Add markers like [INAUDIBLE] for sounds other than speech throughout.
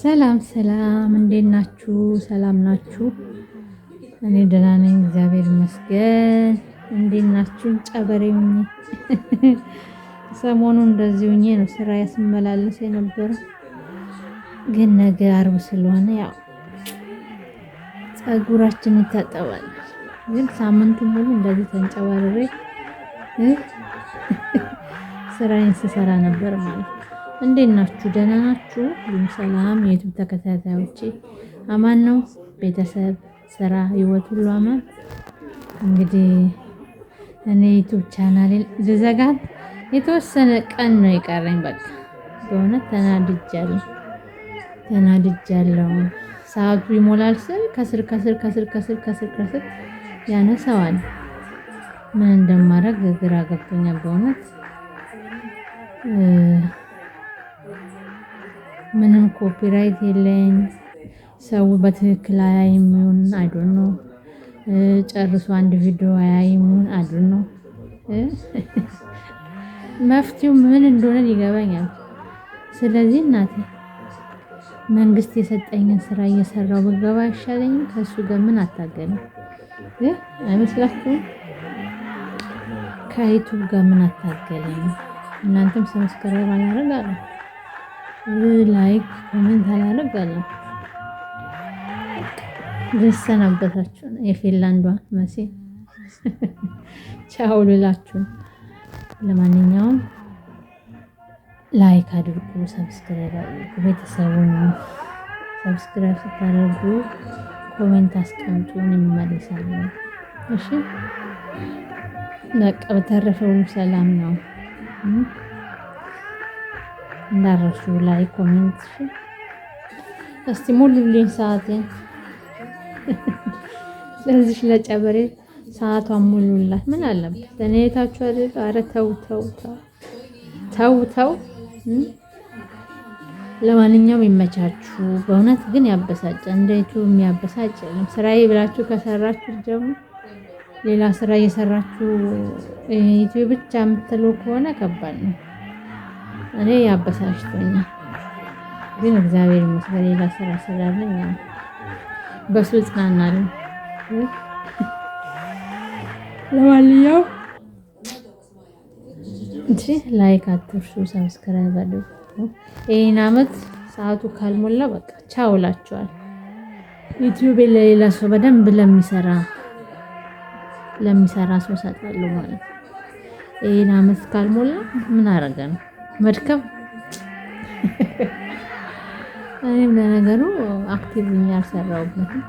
ሰላም ሰላም፣ እንዴት ናችሁ? ሰላም ናችሁ? እኔ ደህና ነኝ፣ እግዚአብሔር ይመስገን። እንዴት ናችሁ? ጨበሬ ሰሞኑ [LAUGHS] ሰሞኑን እንደዚህ ሁኜ ነው ስራ ያስመላለስ የነበረው፣ ግን ነገ አርብ ስለሆነ ያው ጸጉራችን ይታጠባል። ግን ሳምንቱ ሙሉ እንደዚህ ተንጨባርሬ [LAUGHS] ስራ ስሰራ ነበር ማለት ነው። እንዴት ናችሁ? ደህና ናችሁ? ሁሉም ሰላም? የዩቱብ ተከታታዮቼ አማን ነው? ቤተሰብ፣ ስራ፣ ህይወት ሁሉ አማን? እንግዲህ እኔ ዩቱብ ቻናሌን ልዘጋት የተወሰነ ቀን ነው የቀረኝ። በቃ በእውነት ተናድጃለሁ፣ ተናድጃለሁ። ሰዓቱ ይሞላል ስል ከስር ከስር ከስር ከስር ከስር ከስር ያነሳዋል። ምን እንደማደርግ ግራ ገብቶኛል በእውነት ምንም ኮፒራይት የለኝ። ሰው በትክክል አያይም ይሁን አይ ጨርሱ ጨርሶ አንድ ቪዲዮ አያይም ይሁን አይ መፍትው መፍትሄው ምን እንደሆነ ይገባኛል። ስለዚህ እናቴ መንግስት የሰጠኝን ስራ እየሰራው ብገባ አይሻለኝም? ከእሱ ጋር ምን አታገለ? አይመስላችሁም? ከዩቱብ ጋር ምን አታገለኝ? እናንተም ሰብስክራይብ አላደርግ ላይክ ኮሜንት አላደርጋለሁ። ልሰናበታችሁ ነው። የፊንላንዷ መሲ ቻው ልላችሁ። ለማንኛውም ላይክ አድርጉ፣ ሰብስክራይብ አድርጉ። ቤተሰቡን ሰብስክራይብ ስታደርጉ ኮሜንት አስቀምጡን፣ እንመለሳለን። እሺ በቃ በተረፈው ሰላም ነው። እንዳረሹ ላይ ኮሜንት እስቲ ሙሉልኝ ሰዓቴን። ስለዚህ ለጨበሬ ሰዓቷን ሙሉላት። ምን አለበት ተነይታችሁ አይደል? አረ ተው ተው ተው ተው። ለማንኛውም ይመቻችሁ። በእውነት ግን ያበሳጨ እንደቱ የሚያበሳጭ የለም። ስራዬ ብላችሁ ከሰራችሁ ደግሞ ሌላ ስራ እየሰራችሁ ዩቲዩብ ብቻ የምትሉ ከሆነ ከባድ ነው። እኔ ያበሳጭቶኛል። ግን እግዚአብሔር ይመስገን ሌላ ስራ ስላለኝ በሱ እጽናናለሁ። ለማንኛውም እንጂ ላይክ አትርሱ፣ ሰብስክራይብ አድርጉ። ይህን አመት ሰዓቱ ካልሞላ በቃ ቻው እላችኋል። ዩቲዩብ ለሌላ ሰው በደንብ ለሚሰራ ለሚሰራ ሰው ሰጣለሁ ማለት ይህን አመት ካልሞላ ምን አረገ ነው መድከም እኔም ለነገሩ አክቲቭ አልሰራሁበትም፣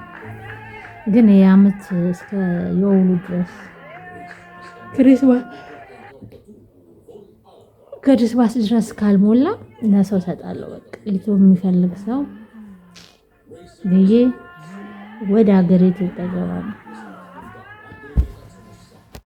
ግን የአመት እስከ የውሉ ድረስ ክሪስማስ ድረስ ካልሞላ ለሰው ሰጣለሁ። በቃ ኢትዮ የሚፈልግ ሰው ብዬ ወደ ሀገሬ ኢትዮጵያ ገባ ነው።